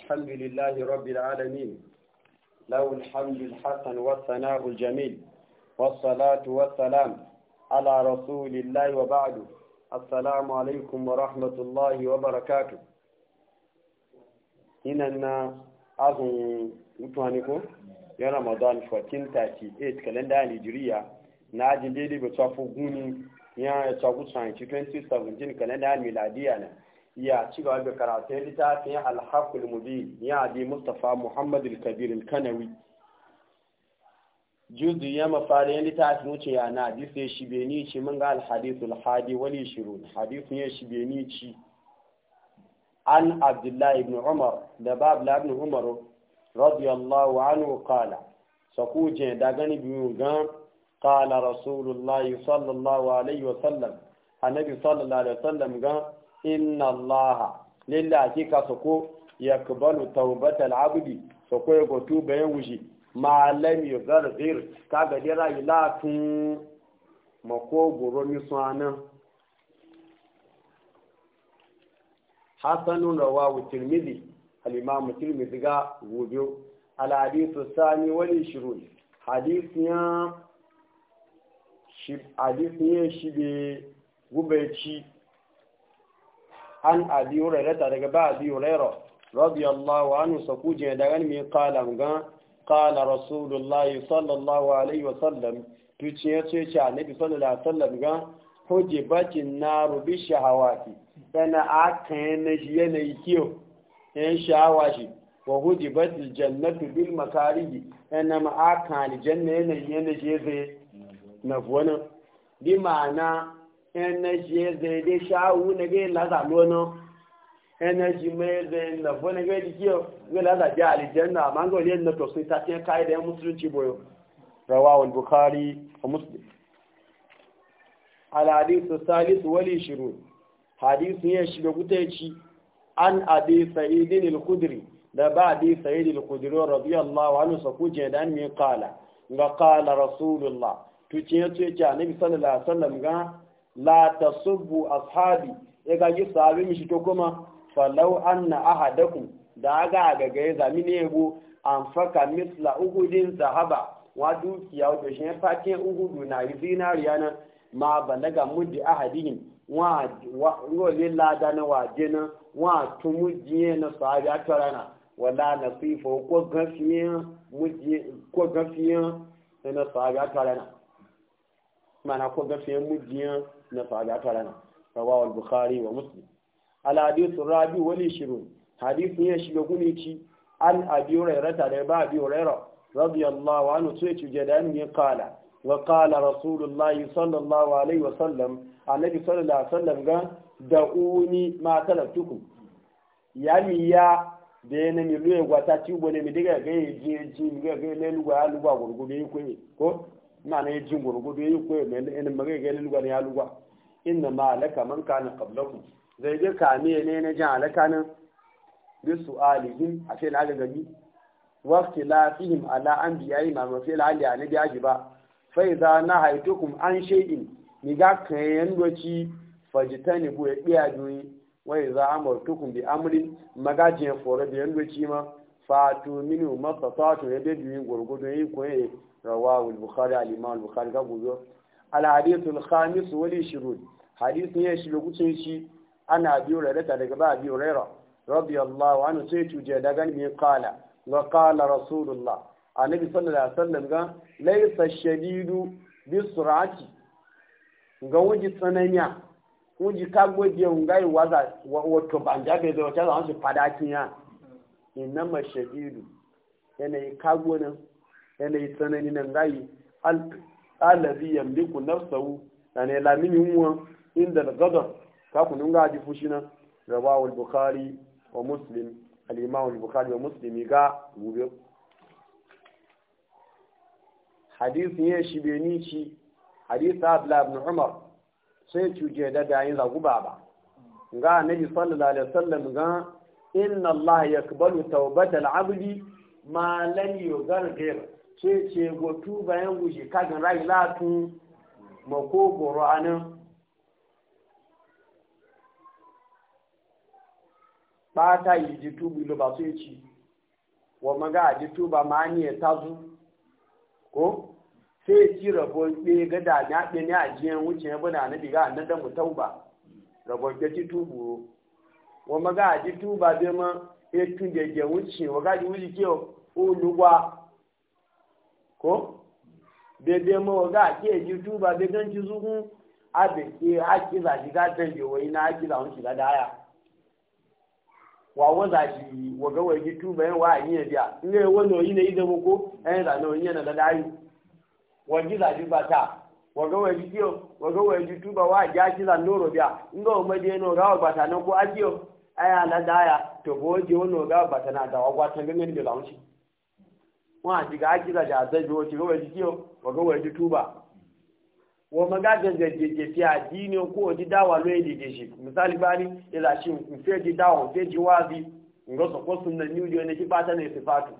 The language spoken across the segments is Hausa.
الحمد لله رب العالمين له الحمد الحسن والثناء الجميل والصلاة والسلام على رسول الله وبعد السلام عليكم ورحمة الله وبركاته هنا أظن mutuwaniku yan ramadan 1438 kalenda nigeria na ajin daidai ba tafi guni ya tafi 2017 kalenda miladiya na ya ci gaba da karatu ya littafin alhaqul mubin ya bi mustafa muhammad al-kabir al-kanawi juzu ya mafari ya littafin wuce ya na hadis ya shi beni ci mun ga al al-hadi wali shiru hadis ya shi beni ci an Abdullahi ibn umar da bab ibn umar radiyallahu anhu qala sakuje da gani biyu gan qala rasulullahi sallallahu alaihi wa sallam annabi sallallahu alaihi wa sallam gan inna allaha lilla hakika su ko ya kubalu taubatal abdi su ko ya gotu bayan wuce malam ya zarzir ka ga dira ila tun makogoro misuwanan hasanun rawawu tirmidhi al-imam tirmidhi ga gobe al-hadithu sani wal shirun hadithiyan shi hadithiyan shi be gubeci an abi hurairah ta daga ba abi hurairah radiyallahu anhu sakuje daga mai qala ga qala rasulullahi sallallahu alaihi wa sallam to ce ya ce ce annabi sallallahu alaihi wa sallam ga hoje bakin naru bi shahawati kana aka yana shi ne kiyo in shahawa wa hoje bakin jannatu bil makarihi kana ma aka ni janna ne yanayi zai na fuwanan bi ma'ana energy ẹ̀zẹ̀ èdè ṣááwú nẹgẹ́ lázàlú ọ̀nà energy mẹ́ẹ̀zẹ̀ ńlọ̀fọ́ nẹgẹ́ dìkí ọ̀ nẹgẹ́ na àlìjẹ́nà àmàgọ́ ilé ẹ̀nà tọ̀sí e musulunci káyẹ̀dẹ̀ rawa ti bọ̀ rẹwà olùbùkárí mùsùlùm. alhadisu salisu wali shiru hadisu yẹn shiga kuta ci an abi sa'idin al-khudri da ba abi sa'idin al-khudri radiyallahu anhu sakuje dan mi qala ga qala rasulullah tuce ce ce annabi sallallahu alaihi wasallam ga la tasubbu ashabi ya gaji sahabi mishi to kuma falau anna ahadakum da aga ga ga ya zami ne yabo an faka misla uhudin zahaba wa dukiya wato shi ya fatin uhudu na zinariya na ma balaga muddi ahadihim wa wa lada na waje na wa jiye na sahabi atara na wala nasifa ko gafiyan muddi ko gafiyan na sahabi atara na mana ko gafe mujiya na faɗa tarana rawahu al-bukhari wa muslim al hadith rabi wal ishirun hadith ya shiga gunici an abi hurairata da ba abi hurairah radiyallahu anhu sai ci jadan ne kala wa qala rasulullah sallallahu alaihi wa sallam annabi sallallahu alaihi wa sallam ga da'uni ma talabtukum yami ya da yana mi luye gwata ci bone mi diga ga yi ji ji mi ga ga lelu ga alu ba gurgube ko ma'ana ya jin gurgudu ya yi koyo mai yanin magai ganin lugwa ya lugwa inna ma alaka man kana qablakum zai ga kame ne na jan alaka nan bi su'alihim a ce na gagami wa ikhtilafihim ala yi ma ma fi al'ali an bi ajiba fa idza nahaytukum an shay'in ni ga kayan doci fajitani bu ya biya za a idza amartukum bi amrin magajin foro da yan doci ma fatu minu mastatatu ya bi biyin gurgudu yi koyi rawahu al-bukhari al-imam al-bukhari ga guzo al-hadith al-khamis wal 20 hadith ne shi lokacin shi ana biyo rada daga ba biyo rera wa anhu sai tuje daga ne qala wa qala rasulullah annabi sallallahu alaihi wasallam ga laysa shadidu bi bisurati ga wuji tsananya wuji kagwaje ngai waza wato banja bai da wata zama su fadakin ya inama shadidu yanayi kago yanayi tsanani nan gayi alabi yamliku nafsahu na ne lamini inda gadar ka kunun ga ji fushi nan rawahu al-bukhari wa muslim al-imam al-bukhari wa muslim ga gobe hadisi ya shi beni ci hadisi abla ibn umar sai cuje da dayin zaguba ba ga annabi sallallahu alaihi wasallam ga inna Allah ya kubalu taubatal abdi ma lan yugargir ce ce go tuba yan guje kagin rai latu makogoro anan bata yi ji tubu lo ba su yi ci wa maga ji tuba ma ni ya tazu ko sai ci rabo be ga da na be ne a jiyan wuce ya bada na a annadan mu tauba rabo ke ci tubu wọ́n mọ́ gáà di túbà bí ọmọ ètò jẹjẹ ń tì wọ́n gáà di kí ọ kó bèbè mọ́ wọ́n gáà kí èjì túbà bí gán ti sunkún àbẹ̀kẹ́ àkìlà sí ká tẹ̀lé wọ́n iná àkìlà ń sì ládàá yà wà wọ́n zà sí wọ́n gáwọ́ èjì túbà yẹn wà á yẹn bíà lé wọ́n náà yín náà yín dẹ́wọ́ kó ẹ̀yìn lànà yín náà ládàá yìí wọ́n jí zà sí bàtà. waga waji kiyo waga waji tuba wa jaji la noro biya. nga o maje no ga bata na ko ajiyo aya na daya to bo je no ga bata na da wa ta ga ngin da launci wa ji ga aji la da zai bo ci ga waji kiyo waga waji tuba wa maga ga ga je je fi adini ko di dawa lo yi de shi misali bani ila shi ku fe di dawa fe ji wazi ngo so ko sunna ni ujo ne ki bata ne sifatu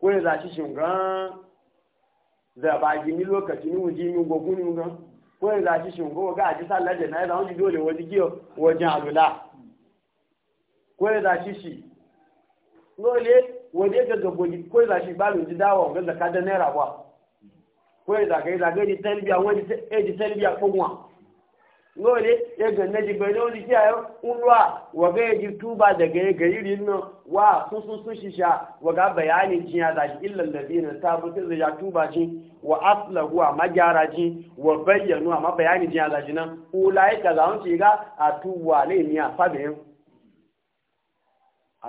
ko ya shi shin gan da ba gini lokaci ni wuji ni gogun ni ga ko yanzu a shi ko ga a ci sallar jana'iza wani dole wani giyo wajen alula ko yanzu a shi dole wani ga gabo ko yanzu shi balu ji dawa ga zakka da naira ba ko yanzu a ga ga ji talbiya wani ji talbiya lóòlé egan na ó ní kí ayọ́ ń lọ à wọ̀gá èjì túbà dẹ̀gẹ̀ ẹgẹ̀ yìí nù wà sunsun sun ṣiṣà wọ̀gá bẹ̀yàní jìn ní tí ìlànà túbà jìn wà áfìlẹ̀hu àmà jìn àmà jìn ń ṣe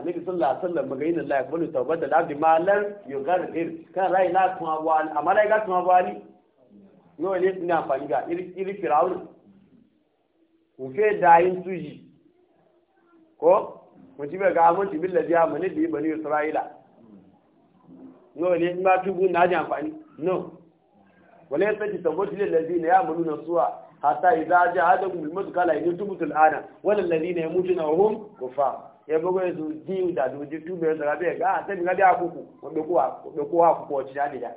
gá lè ya kullu tawbata da abdi malan yugarrir kan rai la kuma wani amma rai ga kuma wani no ne amfani ga iri ufe dayin suji ko mutu bai ga aminci billa biya mani da yi bani isra'ila no ne in ba tubu na ji amfani no wale ya saki tabbatu ne lalzi na ya mulu na suwa hatta idza ja hada bil kala in tubtu al ana wala ya yamutuna na hum kufa ya bago ya zuji da zuji tube ya bai ga ta mi ga ku, kuku wanda kuwa wanda kuwa ku ko ci da da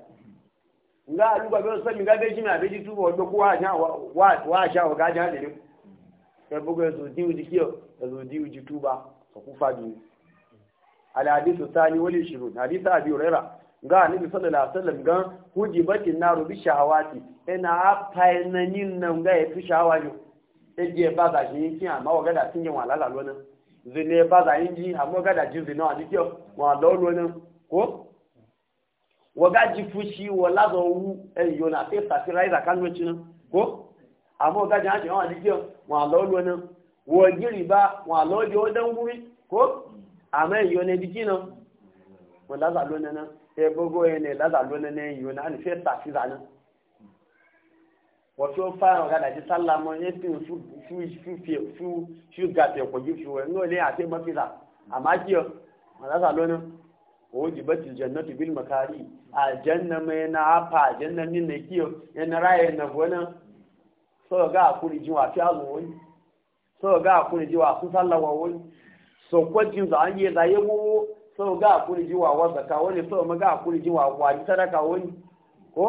nga aluga be so mi ga be jina be ji tubo wanda kuwa ja wa wa sha wa ga ja da ne ẹgbogbo ẹ̀sùn díwù di kíọ̀ ẹ̀sùn díwù di túbà ọ̀kúfà di alhadisu sani wani shiru hadisa abi rera ga annabi sallallahu alaihi wasallam gan hujibatin naru bi shahawati ina afainanin nan ga yafi shahawajo eje ba za shi kin amma waga da tin yin walala lona zine ba za yin ji amma waga da jin zina wani kiyo wa lolo nan ko waga ji fushi wala zo wu e yona sai safi raida kan wacin ko àmọ́ ọ̀gájà á ṣe wọn àdíjọ́ wọn àlọ́ lọ́nà wọ́n gírì bá wọn àlọ́ di ó dán wúrí kó àmọ́ èyí ọ̀nà ibi jìnnà wọn lásà lọ́nà náà ẹ gbogbo ẹni lásà lọ́nà náà èyí ọ̀nà àti fẹ́ tà síra náà wọ́n tó fa ọ̀gájà ti sálà mọ́ ẹ fi ṣúgà tẹ̀ pọ̀ jù a ẹ ní olè àti mọ́ fìlà àmọ́ jẹ́ wọn lásà lọ́nà wajibat aljannatu bil makari aljanna mai na afa aljanna min ne kiyo yana raye na gona sọ́rọ̀ gáà kú ní wà fí àlùn wọ́n sọ́rọ̀ gáà kú ní wà fún sálàwà wọ́n sọ̀kọ́ jí zà yé láyé wọ́wọ́ sọ́rọ̀ gáà kú ní wà wà zàkà wọ́n ni sọ̀rọ̀ gáà kú ní wà wà ní sadaka wọ́n ko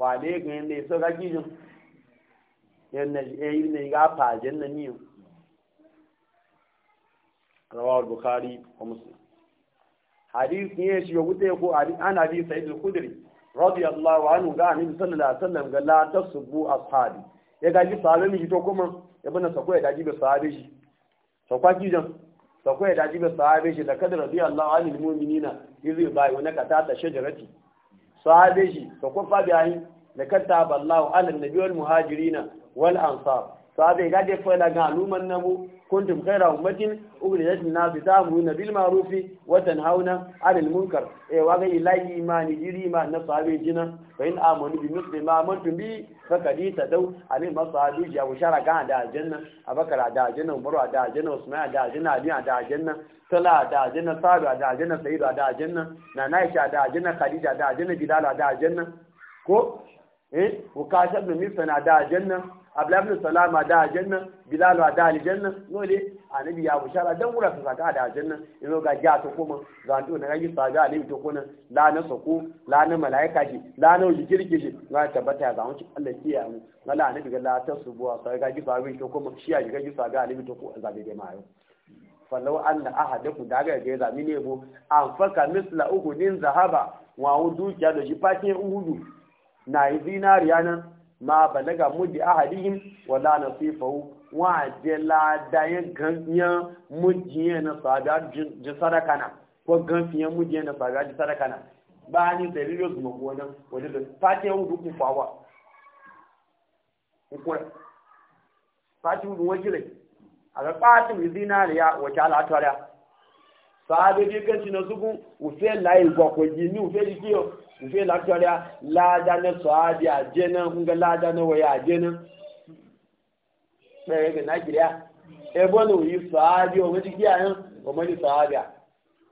wà lé gan ne sọ̀rọ̀ jíjìn yẹn ne ga ní janna niyo rawal bukhari wa muslim hadith ne shi ya wuce ko ana bi ya gaji sahabe mi to kuma ya bana sako ya daji be sahabe shi sakwa jan sako ya daji be sahabe shi da kadar radiyallahu anil mu'minina izi bai na nakata ta shajarati sahabe shi sako fa bi ayi da kadda ballahu alal nabiyul muhajirina wal ansar sabe ga de fa la ga aluman nabu kuntum khayra ummatin ukhrijat lin mu ta'muruna bil ma'ruf wa tanhauna 'anil munkar e wa ga ilahi imani jiri ma na sabe jina fa in amanu bi mithli ma amantum bi faqad tadaw alai masabi ya bushara ga da janna abakar da janna umar da janna usman da janna ali da janna sala da janna sabi da janna sayyid da janna nana aisha da janna khadija da janna bilal da janna ko eh wa kasab min sana da janna abdullahi salama da aljanna bilal da aljanna dole annabi ya bushara dan wura su saka da aljanna yanzu ga ja to kuma ga to na rage saga alim to kuma la na sako la na malaika ji la na ji kirki ji na tabbata ya zamu Allah ya mu wala annabi ga la ta subuwa sai ga ji saga to kuma shi ya ga ji saga alim to ko zabe dai mayo falau anna ahadakum da ga ga zami ne bo an faka misla uhudin zahaba wa ja da ji fatin uhudu na yi zinariya ma balaga mudi ahadihim wala nasifahu wa jela da ya ganyen mujiye na sada ji sadaka na ko ganyen mujiye na sada ji sadaka na ba ni da riyo zuma ko nan wajen da fatiya hudu ku fawa sake fatiya hudu wajire a ga fatin zinariya wace alatariya sahabe je ganci na zugun ufe layi gwakwai jini ufe jikiyo nfe lafiya lada e na sahabi a jena nga lada na waya a jena ɗaya ga nagiriya ebo na wuyi sahabi wa mace kiyayen wa mani sahabiya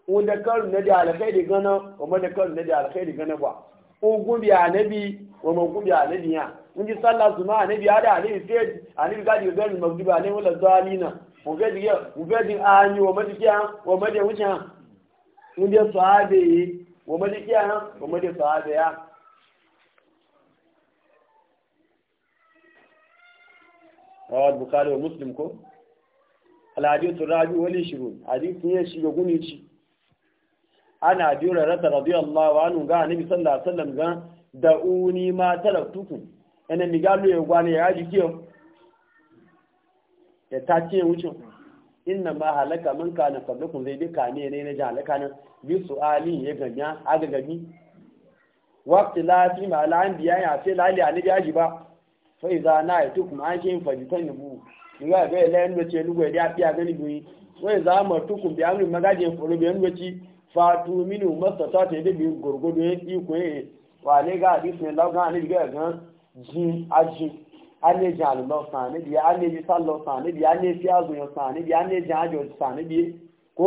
wanda karu na da alkhairi gana wa mani karu na da alkhairi gana ba ugun bi anabi wa magun bi anabi ya in sallah su ma anabi ya da anabi sai anabi gaji ga gani magdubi anabi wala zalina mu gaji ga mu anyi wa mace kiyayen wa mace wuce mun dai sahabi wọ́n mọ́ kiya àhán wọ́n mọ́ díkí ya yá rawar bukari wa muslim ko alhadisun rabi wani shiru hadisun yin shiga guni ci ana biyu rarrata radiyallahu anhu ga anabi sallallahu alaihi wasallam ga da'uni ma talaftukum ene mi galo ya gwane ya ji kiyo ya tace wucin inna ma halaka man kana qablakum zai bi kane ne na jalaka nan bi su'ali ya ganya aga gani waqti la fi ma al anbiya ya ce lali annabi aji ba fa idza na yatukum an shin fajitan bu ga ga la da ce lugo da afiya gani buyi wai za mu tukum bi amri magajin furu bi fa tu minu masata ta da bi gurgudu yi ko yi wa ne ga hadisi ne lawan ni ga gan jin ajin anejin alulọ san níbi anejin sálọ san níbi anejin azùnyàn san níbi anejin ajọ san níbi kó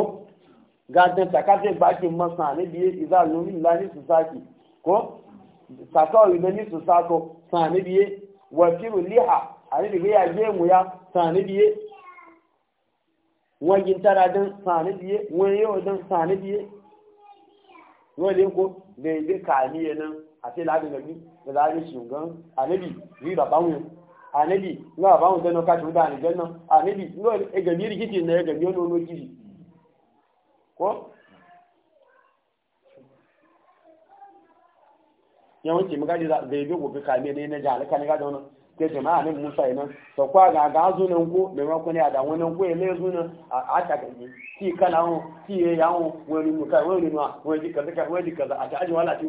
gàdán sàkàtẹ gbàgbé mọ san níbi ìzá lórí ńlá ní sùsáàkì kó sàkà òyìnbó ní sùsáàkọ san níbi wọ̀kìrù líhà àníbìgbé àgbé ìmúya san níbi wọn yìí tára dán san níbi wọn yóò dán san níbi wọn lè kó dèédé kàníyàn náà àti láàbìnrin gbí ìlànà ìṣùngán àníbì rí bàbá wọn. anabi nga ba mu dano ka tu da ni dano anabi no e ga biri kiti na e ga biyo no no kiti ko yawanci muka da zai bi gobe kame ne ne jihar kan gada wani ke jama'a ne mu musa ina to kwa ga ga zunan ko ma mako ne a da wani ko zu zunan a ta ga ni ti kana ho ti ye yawo wani muka wani ma wani kaza wani kaza a ta aji wala ti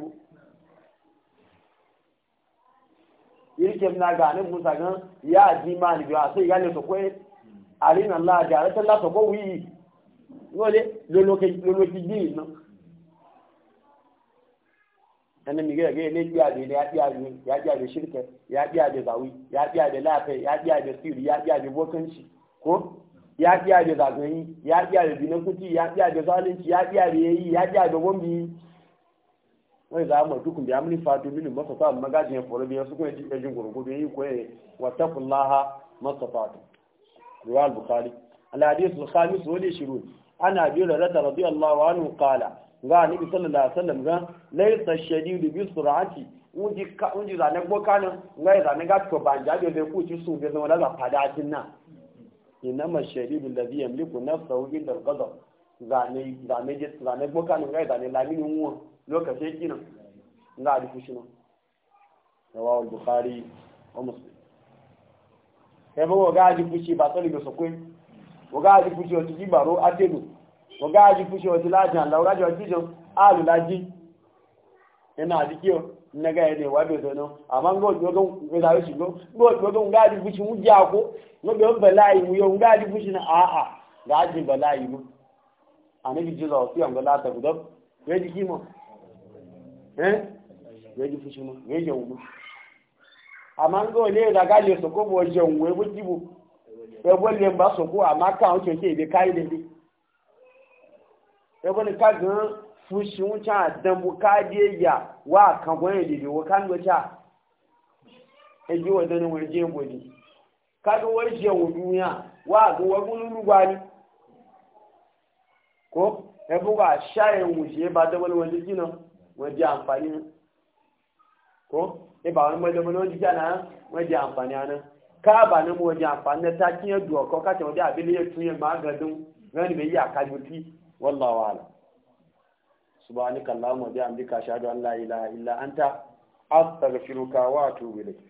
yirkem na ganin musa gan ya ji ma ni biya sai gane to koi alin Allah ja rata la to ko wi wole lolo ke lolo ki ji no dan mi ga ga ne biya de ya biya de ya biya de shirke ya biya de zawi ya biya de lafe ya biya de sirri ya biya de bokanci ko ya biya de zagayi ya biya de binakuti ya biya de zalunci ya biya de yayi ya biya de gombi wai za mu dukun bi amni fatu min masafa magajin ya foro biya su ko yaji yajin gurgu bi ko yayi wa taqullaha masafatu riwa al-bukhari al-hadith wani khamis wa li shirun ana bi rada radiyallahu anhu qala ga ni bi sallallahu alaihi wasallam ga laysa shadid bi sur'ati unji ka unji za ne bokanin ga za ne ga to banja bi da ku ci su bi zama da fada tinna inama shadid alladhi yamliku nafsahu inda al-ghadab za ne za ne za ne bokanin ga za ne lamini won lokaci yake nan za a duku shi nan rawahu bukhari ebe muslim sai fushi ba tsari ga sokwe wa gaji fushi wa tiji baro atedo wa gaji fushi wa tilajan laura ji wa tijan alu laji ina dikiyo na ga ne wa bezo amma ngo jogon ga da shi go ngo jogon gaji fushi mu ja ko be bala'i mu yo fushi na a a bala'i mu ta ya Eh? wee ji fushi mu bụ jẹun mu àmà ń gbọ́ ilé ìdàgá lè sọ́kó bọ̀ jẹun wee bó jìbò ẹgbẹ́ lè bá sọ́kó àmà káwọn tó ṣe èdè káyé lè dé ẹgbẹ́ ní ká gan fushi ń ṣá dẹ̀mbù káyé yà wá àkànbọ̀ yẹn lè wọ káńgbé ṣá ẹjọ́ wọ̀ dẹ́nu wọ́n jẹ́ ìbò ni wa wọ́n jẹ́ àǹfàní náà ko ibà wọn mọ́jọ́ mọ́ wọ́n jíjá náà wọ́n jẹ́ àǹfàní àná káàbà ní mo jẹ́ àǹfààní náà tákí yẹn dùn ọ̀kọ́ káàkiri wọ́n jẹ́ àbílẹ̀ yẹn tún yẹn máa gàdún rẹ́ni mi yí àkájú tí wọ́n lọ wà lọ. subhanaka allahumma bi amdika ashhadu an la ilaha fi anta astaghfiruka wa atubu ilayk